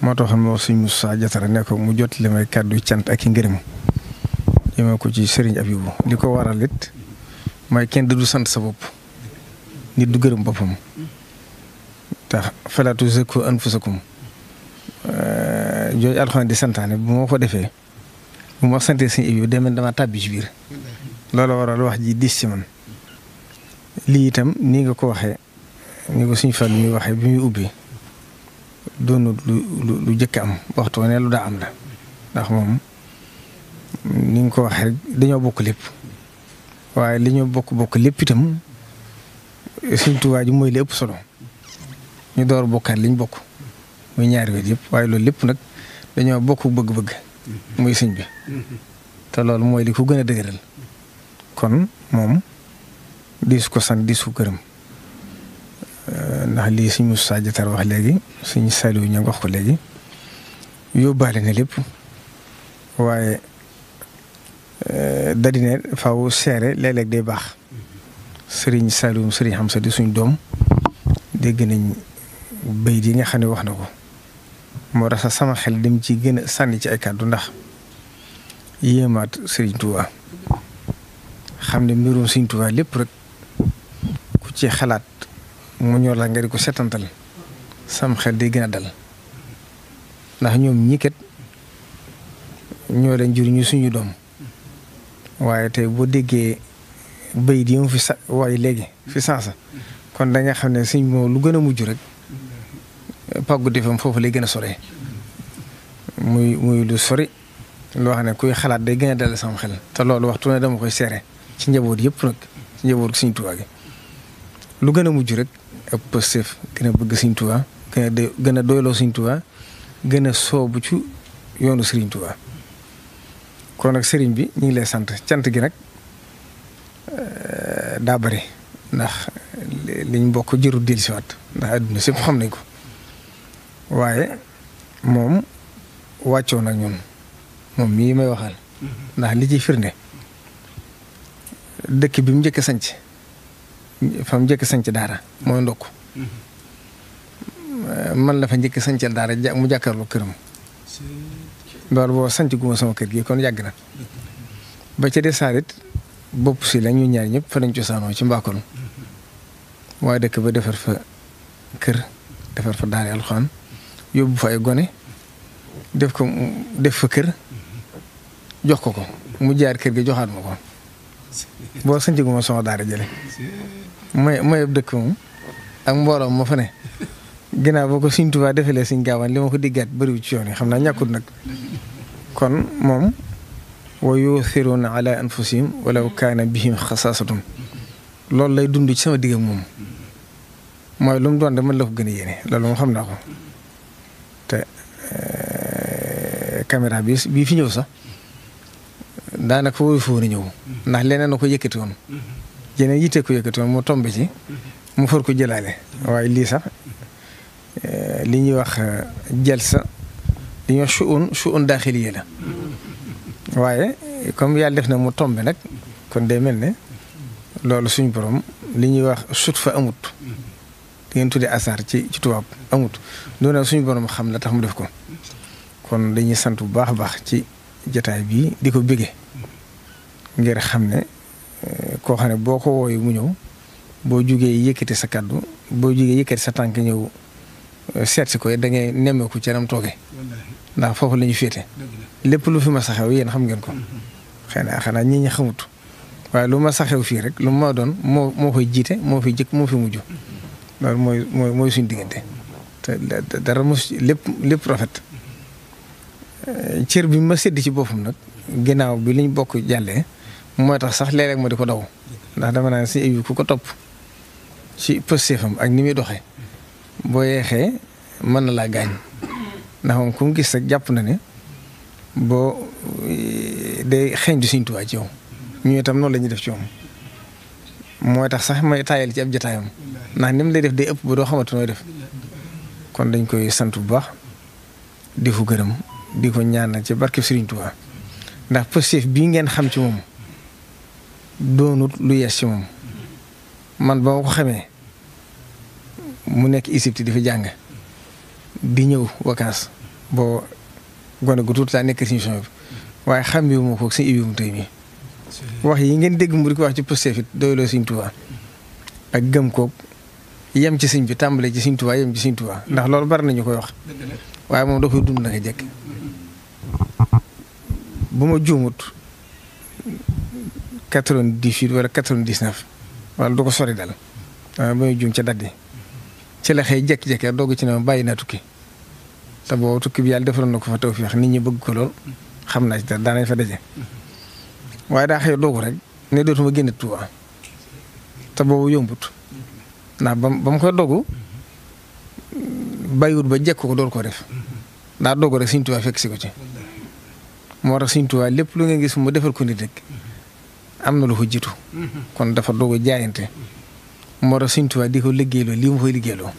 moo taxoon moo suñ Moussa Diatara ne ko mu jot li may kàddu cant ak i ngërëm jëmee ko ci Serigne Abibou li ko waral it may kenn du sant sa bopp nit du gërëm boppam tax falaatu zakku anfusakum jooju alxuraan di santaane bu ma ko defee bu ma santee suñu Abibou demee dama tàbbi ci biir loolu waral wax ji diis ci lii itam nii nga ko waxee ni ko suñu fan mi waxee bi muy ubbi doonut lu lu jëkk am waxtu ne lu daa am la ndax moom ni ko waxee rek dañoo bokk lépp waaye li ñu bokk bokk lépp itam Sëñ Tuubaa mooy li ëpp solo ñu door bokkaat liñ bokk muy ñaari wet yëpp waaye loolu lépp nag dañoo bokk bëgg-bëgg muy sëñ bi te loolu mooy li ko gën a dëgëral kon moom diis ko sant diis ko gërëm ndax lii suñu Moussa Diatar wax léegi suñu Saliou ña wax ko léegi yóbbaale na lépp waaye eh, dadi ne faaw seere léeg-léeg day baax sëriñ Saliou sëriñ Hamza di suñ doom dégg nañ béy yi nga xam ne wax na ko moo tax sama xel dem ci gën sànni ci ay kàddu ndax yéemaat sëriñ Touba xam ne mbirum sëriñ Touba lépp rek ku ci xalaat. mu ñor la nga di ko setantal sam xel day gën a dal ndax ñoom ñii kat ñoo leen jur ñu suñu doom waaye tey boo déggee béy di mu fi sa waaye léegi fi sansa kon da xam ne suñ moom lu gën a mujj rek pàggu defam foofu lay gën a sore muy muy lu sori loo xam ne kuy xalaat day gën a dal sam xel te loolu waxtu ne dama koy seere ci njaboot yëpp nag ci njaboot suñu Tuubaa gi lu gën a mujj rek ak pësteef gën a bëgg Sëriñ Tuubaa gën a gën doyloo Sëriñ Tuubaa gën a soobu ci yoonu Sëriñ Tuubaa kon nag sëriñ bi ñu ngi lay sant cant gi nag eh, daa bari ndax liñ bokk jërul dellusiwaat ndax adduna sépp xam nañ ko waaye moom wàccoon ak ñun moom mii may waxal ndax li ciy firnde dëkk bi mu njëkk a sanc fam njëkk sanc daara mooy ndokk man la fa njëkk sancal daara mu jàkkaarloo këram loolu boo sanc guma sama kër gi kon yàgg na ba ca des saarit bopp si la ñaar ñëpp fa lañ cosaanoo ci mbaakoon waaye dëkk ba defar fa kër defar fa daara alxuraan yóbbu fa ay gone def ko def fa kër jox ko ko mu jaar kër gi joxaat ma ko boo sënci gu soo soxla daara jële mooy mooy ab dëkk ak mbooloom ma fa ne ginnaaw boo ko Sëñ Tuubaa defalee Sëñ Gaawaan li ma ko diggaat bëriwu ci yoon yi xam naa ñàkkul nag kon moom wa yuuthiruuna ala anfusihim walaw kaana bihim xasaasatun loolu lay dund ci sama digg moom mooy lu doon de mën la ko gën a yéene loolu xam naa ko te eh, caméra bi bii fi ñëw sax daanaka fa woy fóori ñëw ndax leneen na ko yëkkati woon yeneen yitte ko yëkkati woon mu tombe ci mu far ko jëlaale waaye lii sax eh, li ñuy wax eh, jël li ñuy wax suun suun daaxiliya la waaye comme yàlla def na mu tombe nag kon day mel ne loolu suñ borom li ñuy wax sut fa amut di ngeen tuddee asar ci ci tubaab amut doona suñ borom xam la tax mu def ko kon dañuy sant bu baax baax ci jataay bii di ko bëgge ngir xam ne eh, koo xam ne boo ko wooyu mu ñëw boo jugee yëkkati sa kàddu boo jugee yëkkati sa tànk ñëw eh, seet si koy da ngay nemmeeku ci nam tooge ndax foofu la ñu féete lépp lu fi ma saxew yéen xam ngeen ko xëy na xanaa ñi ñi xamut waaye lu ma saxew fii rek lu ma doon moo moo koy jiite moo fi jëkk moo fi mujj loolu mooy mooy mooy suñu diggante te dara mos lépp lépp rafet cër bi ma sédd ci boppam nag ginnaaw bi liñ bokk jàllee mooy tax sax léeg-léeg ma di ko daw ndax dama naan si ayib ku ko topp ci pëstéefam ak ni muy doxee boo yeexee mën na laa gaañ ndax moom ku mu gis rek jàpp na ne boo eh, day xeeñ du Sëriñ Tuubaa ci yow ñu itam noonu la ñuy def ci moom mooy tax sax may taayal ci ab jotaayam ndax ni mu lay def day ëpp ba doo xamante nooy def kon dañ koy sant bu baax di ko gërëm di ko ñaan ñaanal ci barke Serigne Touba ndax positif bii ngeen xam ci moom doonut lu yees ci moom man ba ma ko xamee mu nekk Égypte di fi jàng di ñëw vacances boo gone gu tuuti daa nekk si émission bi waaye xam bi moo ko si ibiwum tey bi wax yi ngeen dégg mu di ko wax ci positif it doyloo Serigne Touba ak gëm ko yam ci Serigne bi tàmbale ci Serigne Touba yem ci Serigne Touba ndax loolu bari ñu koy wax waaye moom da koy dund naka jekk ba ma juumut quatre-vingt-dix-huit wala quatre-vingt-dix-neuf wala du ko sori dal waaye ba may juum ca daddi ci la xëy jékki-jékki ci ne ma bàyyi naa tukki te boobu tukki bi yàlla defaloon na ko fa tawfeex nit ñi bëgg ko lool xam naa ci dara daanañ fa daje waaye daa xëy doogu rek ne dootuma génn Tuuba te boobu yombut ndax ba ba mu koy dogu bàyyiwut ba jekk ko door koo def daa dogu rek Sëñ Tuuba fekk si ko ci. moo tax Sëriñ Tuubaa lépp lu nga gis mu defal ko nit rek am na lu ko jiitu. kon dafa doog a jaayante. moo tax Sëriñ Tuubaa di ko liggéey lii mu koy liggéeyloo.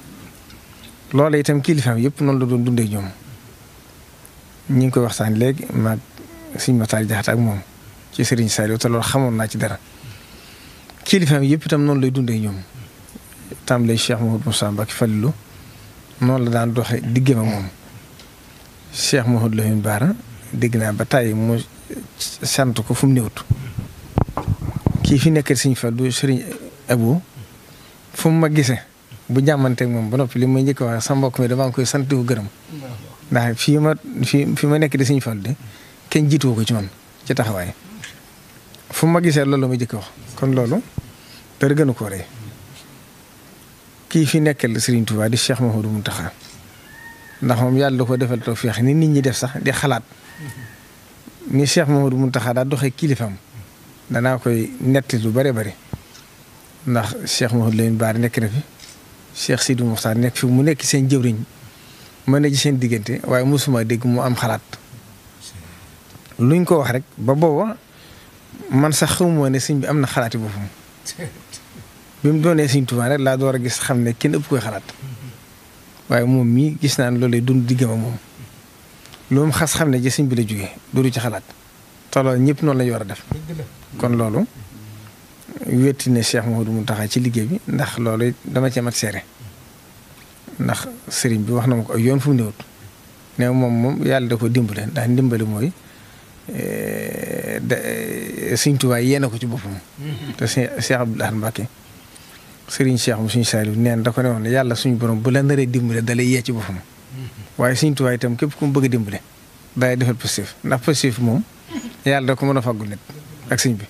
loola itam kilifaam yëpp noonu la doon dundee ñoom ñi ngi koy waxtaan léegi maag Sëriñ Mataar ak moom ci Sëriñ Saliou te xamoon naa ci dara kilifaam yëpp itam noonu lay dundee ñoom. tàmbalee Cheikh Mouhamadou Moussa Mbacké Falilou la daan doxee diggéem ak moom Cheikh Mouhamadou dégg naa ba tàyyi mu sant ko fu mu néewut kii fi nekkal sëñ fa du sëriñ Abu fu ma gisee bu jàmmanteeg moom ba noppi li ma njëkk wax sa mbokk mi damaa koy sant wu gërëm ndax ma fii fi ma nekk di sëñ Fallu de kenn jiituwu ko ci man ci taxawaay fu ma gisee loolu ma njëkk wax kon loolu dara gënu ko kii fi nekkal sëriñ Touba di Cheikh Mouhamadou Mountakha ndax moom yàlla ko defal tawfeex ni nit ñi def sax di xalaat ni Cheikh Mamadou Mountakha daa doxee kilifaam danaa koy netti lu bare bari ndax Cheikh Mamadou Lamine Bara nekk na fi Cheikh Sidou Mokhtar nekk fi mu nekk seen jëwriñ mën na ci seen diggante waaye mosuma dégg mu am xalaat luñ ko wax rek ba booba man sax xamuma ne sëñ bi am na xalaati boppam bi mu doonee sëñ Tuubaa rek laa door a gis xam ne kenn ëpp koy xalaat waaye moom mii gis naa ne loolu lay dund diggam ak moom. lu mu xas xam ne suñ bi la jógee du ci xalaat tolloo ñëpp noonu la ñu war a def. kon loolu wetti ne Cheikh Mouhamadou Mountakha ci liggéey bi ndax loolu dama cee mat seere ndax sëriñ bi wax na ko ay yoon fu mu néewut ne moom moom yàlla da dimbale ndax ndimbali mooy eh, Sëriñ Tuubaa yéene ko ci boppam. Mm-hmm. te Cheikh Abdoul Ahad Mbacké sëriñ Cheikh mu suñu Saliou neen da ko ne woon yàlla suñu borom bu la naree dimbale dalay yee ci boppam. waaye Sëriñ Tuubaa itam képp ku mu bëgg a dimbale day defal positif ndax positif moom yàlla da ko mën a fàggul nit ak sëñ bi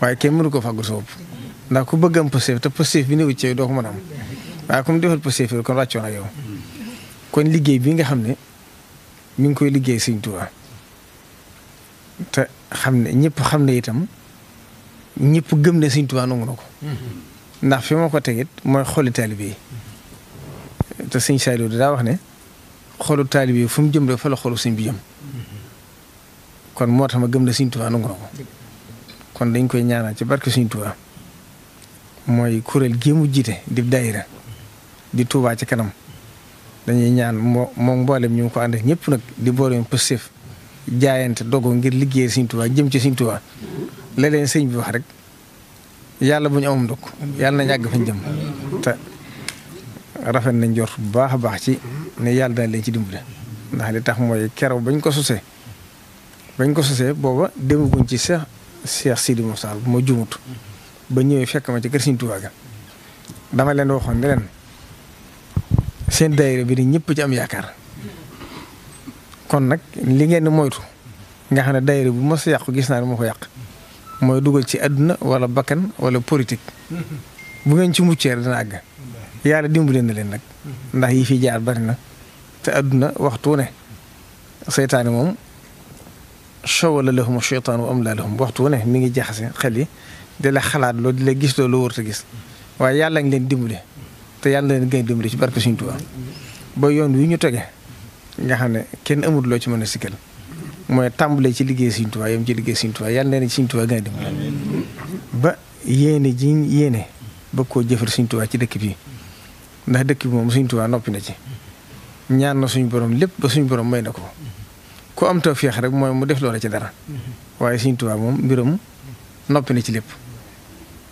waaye kenn mënu ko fàggul ndax ku bëgg am positif te positif bi ne wut doo ko mën a am waaye comme defal positif kon kon liggéey bi nga xam ne mi ngi koy liggéey Sëriñ Tuubaa te xam ne ñëpp xam ne itam ñëpp gëm ne Sëriñ Tuubaa nangu na ko ndax fi ma ko tegit mooy xoli taalibe yi te Sëriñ Saliou daa wax ne xolu taalib yi fu mu jëm rek fa la xolu sëñ bi jëm kon moo tax ma gëm na sëñ Tuubaa nangu na ko kon dañ koy ñaanal ci barke sëñ Tuubaa mooy kuréel gi mu jiite di daayira di Tuubaa ci kanam dañuy ñaan moo moom mboolem ñu ngi ko ànd ak ñëpp nag di mboolem positif jaayante dogo ngir liggéeyal sëñ Tuubaa jëm ci sëñ Tuubaa la leen sëñ bi wax rek yàlla bu ñu amum ndokk yàlla nañ àgg fañ jëm te rafet nañ jor bu baax a baax ci ne yàlla daal leen ci dimbale ndax li tax mooy keroog bañ ko sosee bañ ko sosee booba demaguñ ci Cheikh Cheikh Sidi Moussa bu ma jumut ba ñëwee fekk ma ci kër si Tuubaa ga dama leen waxoon ne leen seen daayira bi ni ñëpp ci am yaakaar kon nag li ngeen di moytu nga xam ne daayira bu ma a yàqu gis naa ne moo ko yàq mooy dugal ci àdduna wala bakkan wala politique bu ngeen ci muccee dana àgg. yàlla dimbali na leen nag ndax yi fi jaar bari na te àdduna waxtu ne seytaane moom shawala lahum sheytaan wa amla lahum waxtu ne mi ngi jaxase xel yi di la xalaat loo di la gis loo loo wër gis waaye yàlla ngi leen dimbali te yàlla na leen gën a ci barke Sëriñ Tuubaa ba yoon wi ñu tege nga xam ne kenn amul loo ci mën a sikkal mooy tàmbulee ci liggéey Sëriñ Tuubaa yam ci liggéey Sëriñ Tuubaa yàlla na leen Sëriñ Tuubaa gën a dimbali ba yéen ji yéene ba koo jëfar Sëriñ ci dëkk bi ndax dëkk bi moom suñ Tuubaa noppi na ci ñaan na suñu borom lépp ba suñu borom mooy na ko ku am tawfeex rek mooy mu def loola ci dara waaye suñ Tuubaa moom mbiram noppi na ci lépp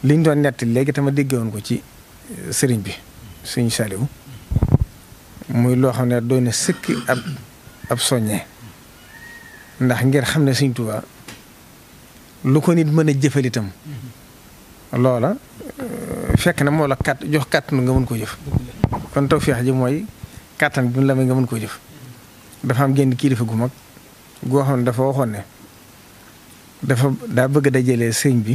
liñ doon nett léegi tama dégge woon ko ci euh, sëriñ bi suñ Saliou muy loo xam ne doon na sëkki ab ab soññee ndax ngir xam ne suñ Tuubaa lu ko nit mën a jëfal itam loola fekk na moo la kàtt jox kàttan nga mën koo jëf kon tawféex ji mooy kàttan bi mu la may nga mën koo jëf dafa am génn kilifa gu mag goo xam ne dafa waxoon ne dafa daa bëgg a dajale sëñ bi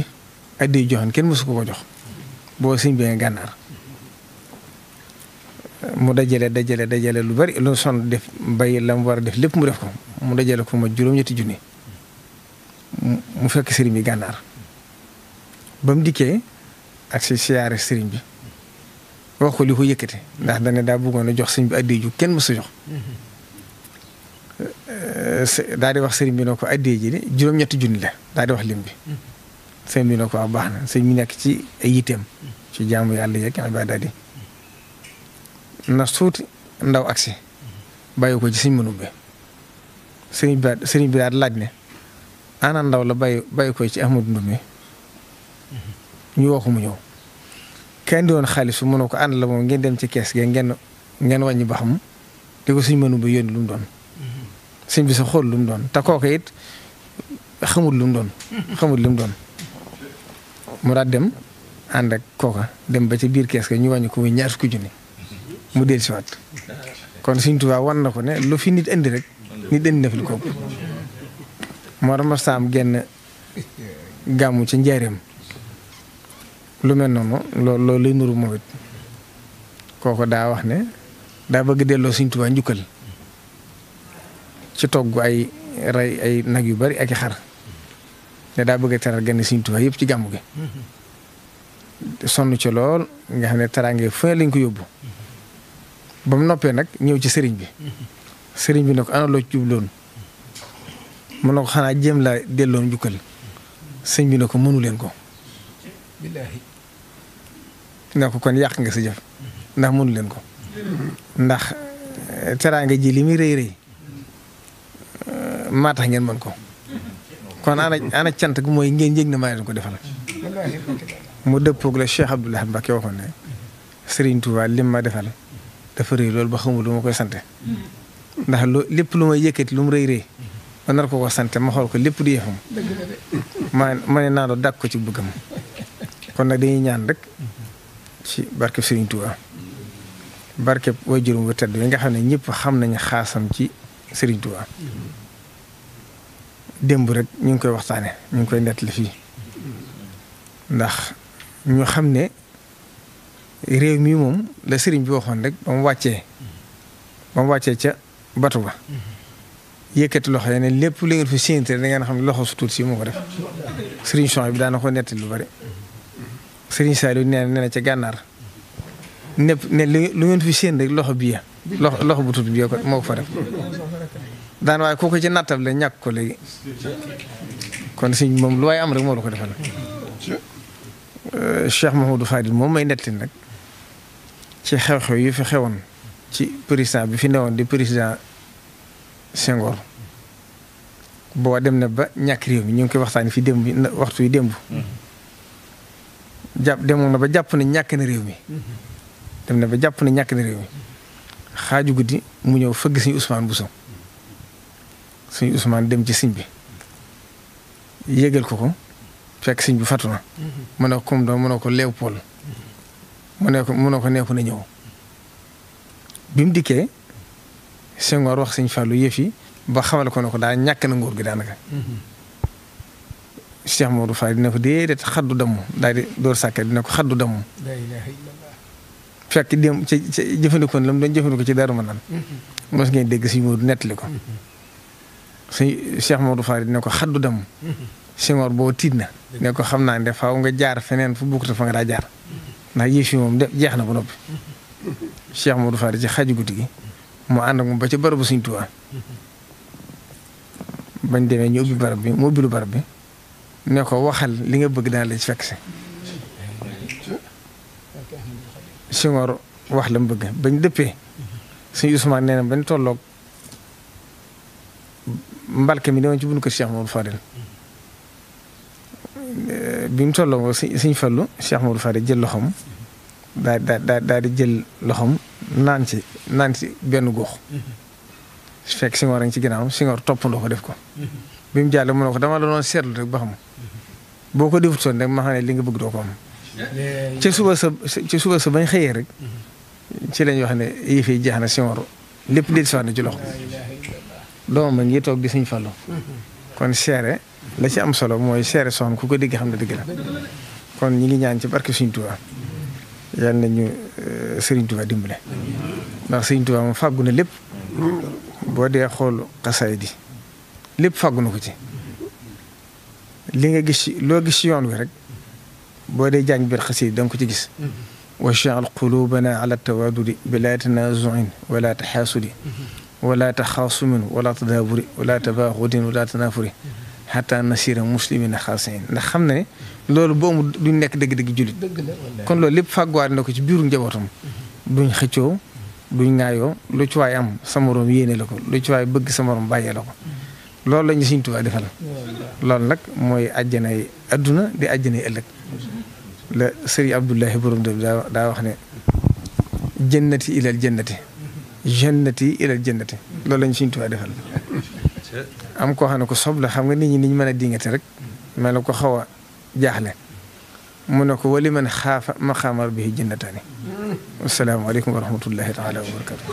ak addi joxoon kenn mësu ko ko jox boo sëñ bi nga gànnaar mu dajale dajale dajale lu bari lu son def bay la mu war a def lépp mu def ko mu dajale ko ma juróom-ñetti junni mu fekk sëriñ bi gànnaar ba mu dikkee ak si siyaare sëriñ bi wax ko li ko yëkkate ndax dana daa bëggoon a jox sëriñ bi addee ju kenn mësu jox daa di wax sëriñ bi ne ko addee ji de juróom-ñetti junni la daa di wax lim bi sëriñ bi ne ko wax baax na sëriñ bi nekk ci ay ci jaamu yàlla yeeg ibaadaat yi na suuti ndaw agsi bàyyi ko ci sëriñ mënu bi sëriñ bi sëriñ bi daal laaj ne ana ndaw la bàyyi bàyyi ko ci Ahmadu Ndumbe ñuy woo ko mu ñëw kenn di xaalis su ko ànd la moom ngeen dem ci kees gi ngeen ngeen wàññi ba xam di ko suñ mënu ba yónni doon. suñ bi sa xool lu doon te kooku it xamul lu mu doon. xamul doon mu daal dem ànd ak kooka dem ba ci biir kees ga ñu wàññi ko muy ñaar fukki junni mu dellusiwaat kon suñ tubaab wan na ko ne lu fi nit indi rek nit indi na fi lu ko moo tax ma genn gàmmu ci njaareem lu mel noonu loolu loolu lay nuru moom it kooku daa wax ne daa bëgg delloo Sëriñ Tuubaa njukkal ci togg ay rey ay nag yu bari ak i xar ne daa bëgg a teral gan Sëriñ Tuubaa yëpp ci gàmbu gi sonn ci lool nga xam ne teraange fu ne lañ ko yóbbu ba mu noppee nag ñëw ci sëriñ bi sëriñ bi ne ko ana loo ci jubloon mu ne ko xanaa jéem laa delloo njukkal sëñ bi ne ko mënu ko. ne ko kon yàq nga si jëf ndax mënu leen ko ndax eh, teraanga ji li muy rëy rëy eh, maa ngeen mën ko kon ana ana cant gu mooy ngeen yëg na maa leen ko defal mu dëppoog la Cheikh Abdoulaye Mbacké waxoon ne Serigne Touba lim ma defal dafa rëy loolu ba xamul lu ma koy sante ndax lu lépp lu may yëkkati lu mu rëy rëy ma nar ko ko sante ma xool ko lépp di yëfam ma ma ne naa doo dàq ko ci bëggam kon nag dañuy ñaan rek. ci barkeb Serigne Touba barkeb wajurum bu tedd bi nga xam ne ñëpp xam nañu xaasam ci Serigne Touba démb rek ñu ngi koy waxtaane ñu ngi koy nettali fii ndax ñu xam ne réew mi moom la sëriñ bi waxoon rek ba mu wàccee ba mu wàccee ca batu ba yëkkati loxo yi lépp li ngeen fi séenté xam ne loxo su si moo ko def Serigne bi daan ko nettali lu bari. Serigne Saliou nee na ci gànnaar népp ne lu ngeen fi séen rek loxo bii loxo loxo bu tut bii ko moo ko def daan waaye kooku ci nattab la ñàkk ko léegi moom lu waaye am rek moo la ko defal euh, Cheikh Mahamadou Fadil moom may nettin nag ci xew-xew yi fi xewoon ci président bi fi newoon di président Senghor boo dem na ba ñàkk réew mi ñu ngi koy waxtaan fi démb waxtu yi démb jàpp demoon na ba jàpp na ñàkk na réew mi dem na ba jàpp ne ñàkk na réew mi xaaju guddi mu ñëw fëgg suñu Ousmane Bousso suñu Ousmane dem ci siñ bi yëgal ko ko fekk siñ bi fàttu na mhm. mu ne ko comme doom mu ne ko Léopold mu ne ko ko neeku na ñëw bi mu dikkee Senghor wax sëñ Fallou yëf ba xamal ko ne ko daa ñàkk na nguur gi daanaka mhm. Cheikh Modou Fall dina ko déedéet xaddu damm daal di door sàkket dina ko xaddu damm. fekk dem ca jëfandikoon la mu doon jëfandikoo ci Darou Manane. Mm-hmm. mos ngeen dégg suñu Modou nettali ko. Mm-hmm. suñu Cheikh Modou dina ko xaddu damm. Mm-hmm. Senghor boo tiit na. ne ko xam naa ne faaw nga jaar feneen fu bukkute fa nga daa jaar. ndax yëf yi moom de jeex na ba noppi. Cheikh Modou Fall ci xaaju guddi gi mu ànd ak ba ci barabu suñu Tuubaa. bañ demee ñu ubbi barab bi mu ne ko waxal li nga bëgg daal la ci fekk si Senghor wax la mu bëgg bañ dëppee suñu Ousmane nee bañ tolloog mbalka mi newoon ci buñu ko Cheikh Maodo Fadel bi mu tolloo fallu jël loxoom daa daa daa di jël loxoom naan ci naan si benn gox fekk Senghor a ngi ci ginnaawam Senghor toppandoo ko def ko bi mu jàll mu ne ko dama la doon seetlu rek ba boo ko defutoon rek ma xam ne li nga bëgg doo ko am. ci suba sa ci suba sa bañ xëyee rek. Mm-hmm. ci lañ wax ne yëf yi jeex na si waru lépp del si na ci loxo. doomam a ngi toog di siñ Fallu mm-hmm. kon seere la ci am solo mooy seere soxna ku ko dégg xam ne dégg la kon ñu ngi ñaan ci barke suñ Tuubaa mm-hmm. yal nañu euh, Sëriñ Tuubaa dimbale ndax Sëriñ Tuubaa moom fàggu na lépp boo dee xool xasaay di lépp fàggu na ko ci li nga gis loo gis yoon wi rek boo dee jàng biir xasida da nga ko ci gis mm-hmm. wajaal qulubana ala tawadudi bila tanazuin wala taxaasudi wala taxaasumin wala tadaaburi wala tabaaxudin wala tanaafuri xataa nasira muslimina xaasiin ndax xam na ne loolu boobu duñ nekk dëgg-dëgg jullit kon loolu lépp fàgguwaat na ko ci biiru njabootam mm-hmm. duñ xëccoo duñ ŋaayoo lu ci waay am sa moroom yéene la ko ci waay bëgg sa moroom bàyyee la ko mm-hmm. loolu la ñu Sëriñ loolu nag mooy àjjanay adduna di àjjanay ëllëg la sëriñ Abdullahi borom daa daa wax ne jannati ilal jannati jannati ilal jannati loolu lañ suñ tubaab defal am koo xam ko soble la xam nga nit ñi niñ mën a dingate rek mel na ko xaw a jaaxle mu ne ko wali man xaafa maqaama rabbihi bi asalaamaaleykum wa rahmatullahi taala wa barakatu